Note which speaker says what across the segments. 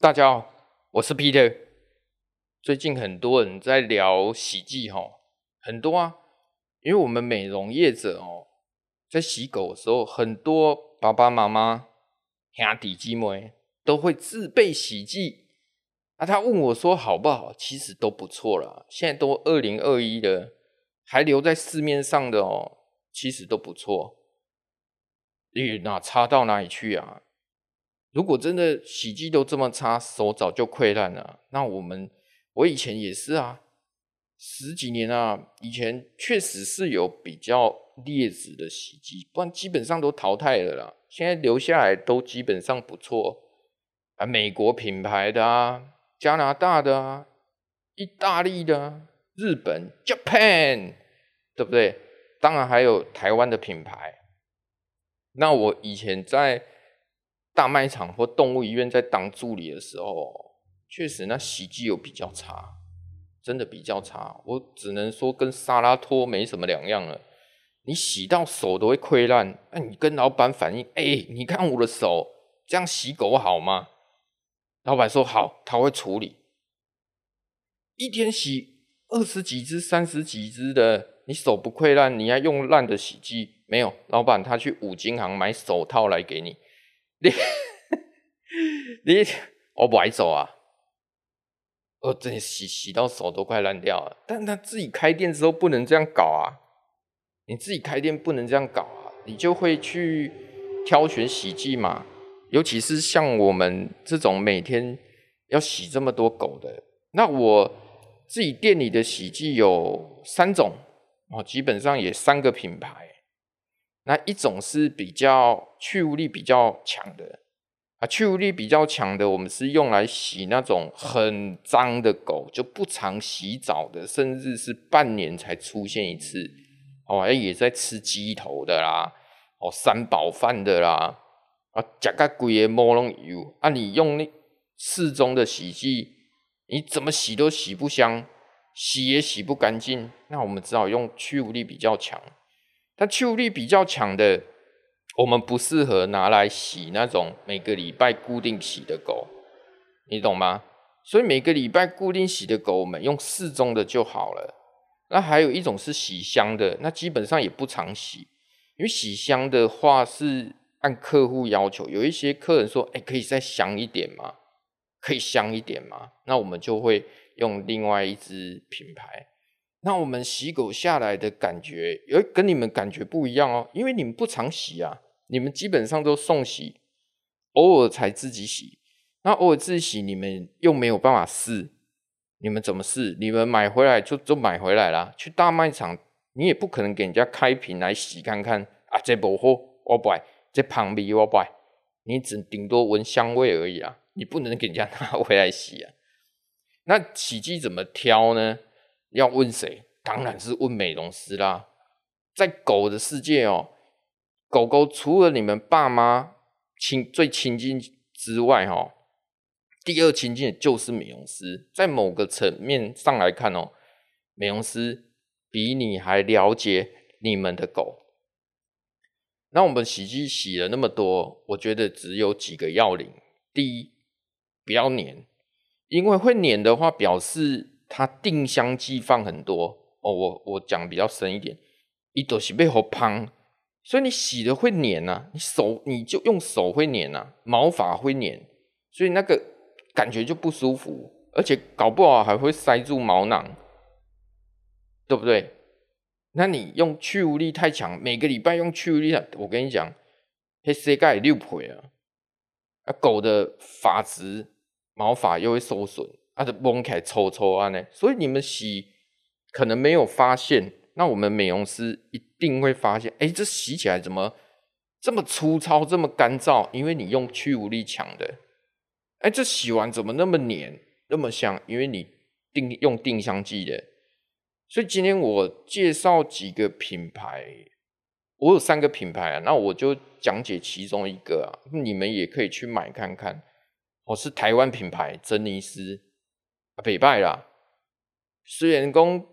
Speaker 1: 大家好，我是 Peter。最近很多人在聊洗劑哈，很多啊，因為我們美容業者哦，在洗狗的時候，很多爸爸媽媽兄弟姐妹都會自備洗劑。啊，他問我說好不好？其實都不錯了。現在都二零二一了，還留在市面上的哦，其實都不錯。咦、欸，那差到哪裡去啊？如果真的洗劑都這麼差，手早就潰爛了。那我們，我以前也是啊，十幾年啊，以前確實是有比較劣質的洗劑，不然基本上都淘汰了啦。現在留下來都基本上不錯啊，美國品牌的啊，加拿大的啊，意大利的，啊，日本 Japan，對不對？當然還有台灣的品牌。那我以前在。大賣場或動物醫院在當助理的時候，確實那洗劑有比較差，真的比較差。我只能說跟沙拉脫沒什麼兩樣了。你洗到手都會潰爛。那你跟老闆反映，哎、欸，你看我的手這樣洗狗好嗎？老闆說好，他會處理。一天洗二十幾隻、三十幾隻的，你手不潰爛，你要用爛的洗劑？沒有，老闆他去五金行買手套來給你。你， 你，我不愛走啊！我真的洗洗到手都快爛掉了。但他自己開店之後不能這樣搞啊！你自己開店不能這樣搞啊！你就會去挑選洗劑嘛，尤其是像我們這種每天要洗這麼多狗的。那我自己店裡的洗劑有三種哦，基本上也三個品牌。那一種是比較去污力比較強的啊，去污力比較強的，我們是用來洗那種很髒的狗，就不常洗澡的，甚至是半年才出現一次，哦，欸、也在吃雞頭的啦，哦，三寶飯的啦，啊，食甲也的毛攏油，啊，你用那適中的洗劑，你怎麼洗都洗不香，洗也洗不乾淨，那我們只好用去污力比較強。它去污力比較強的，我們不適合拿來洗那種每個禮拜固定洗的狗，你懂嗎？所以每個禮拜固定洗的狗，我們用適中的就好了。那還有一種是洗香的，那基本上也不常洗，因為洗香的話是按客戶要求，有一些客人說，哎、欸，可以再香一點嗎？可以香一點嗎？那我們就會用另外一支品牌。那我們洗狗下來的感覺，跟你們感覺不一樣哦，因為你們不常洗啊，你們基本上都送洗，偶爾才自己洗。那偶爾自己洗，你們又沒有辦法試，你們怎麼試？你們買回來就就買回來啦。去大賣場你也不可能給人家開瓶來洗看看啊，這不好，我不愛，這旁邊我不愛，你只頂多聞香味而已啊，你不能給人家拿回來洗啊。那洗劑怎麼挑呢？要問誰？當然是問美容師啦。在狗的世界哦、喔，狗狗除了你們爸媽親最親近之外、喔，哈，第二親近的就是美容師。在某個層面上來看哦、喔，美容師比你還了解你們的狗。那我們洗浴洗了那麼多，我覺得只有幾個要領。第一，不要黏，因為會黏的話表示。它定香劑放很多哦，我我講比較深一點，一洗背後胖，所以你洗了會黏啊，你手你就用手會黏啊，毛髮會黏，所以那個感覺就不舒服，而且搞不好還會塞住毛囊，對不對？那你用去污力太強，每個禮拜用去污力，我跟你講，黑塞蓋六倍啊，啊狗的髮質毛髮又會受損。它的崩開、抽抽啊，粗粗呢，所以你們洗可能沒有發現，那我們美容師一定會發現。哎，這洗起來怎麼這麼粗糙、這麼乾燥？因為你用去污力強的。哎，這洗完怎麼那麼黏、那麼香？因為你定用定香劑的。所以今天我介紹幾個品牌，我有三個品牌啊，那我就講解其中一個啊，你們也可以去買看看。我、哦、是台灣品牌珍婗絲。真理北、啊、敗啦！雖然工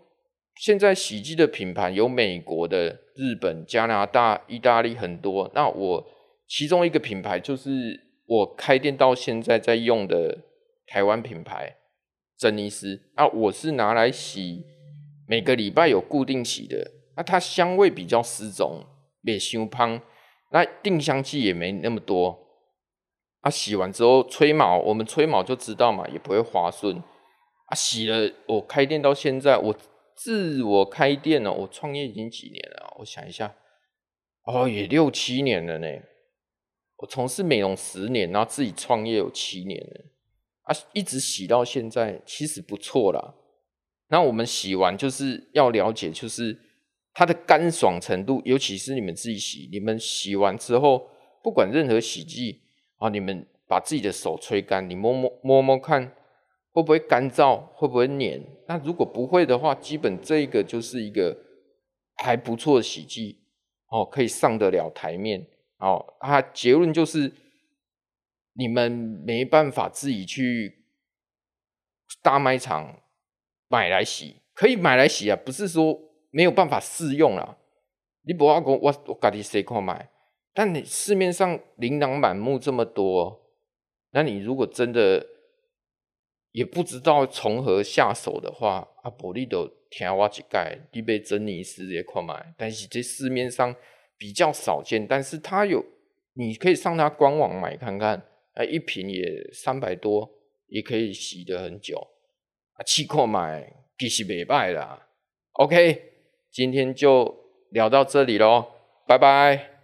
Speaker 1: 現在洗毛精的品牌有美國的、日本、加拿大、意大利很多。那我其中一個品牌就是我開店到現在在用的台灣品牌珍婗絲。那、啊、我是拿來洗，每個禮拜有固定洗的。那它香味比較適中，沒太香，那定香劑也沒那麼多。啊，洗完之後吹毛，我們吹毛就知道嘛，也不會滑順。啊，洗了！我開店到現在，我自我開店哦、喔，我創業已經幾年了。我想一下，哦，也六七年了呢。我從事美容十年，然後自己創業有七年了。啊，一直洗到現在，其實不錯啦。那我們洗完就是要了解，就是它的乾爽程度，尤其是你們自己洗，你們洗完之後，不管任何洗劑啊，你們把自己的手吹乾，你摸摸摸摸看。會不會乾燥？會不會黏？那如果不會的話，基本這個就是一個還不錯的洗劑哦，可以上得了台面哦。它、啊、結論就是，你們沒辦法自己去大賣場買來洗，可以買來洗啊，不是說沒有辦法試用了、啊。你不要講我到底誰可買，但你市面上琳琅滿目這麼多，那你如果真的。也不知道從何下手的話，阿波利都聽我一解，你被珍婗絲也看買，但是這市面上比較少見，但是它有，你可以上它官網買看看，一瓶也三百多，也可以洗得很久，啊去購買其實袂歹啦，OK，今天就聊到這裡嘍，拜拜。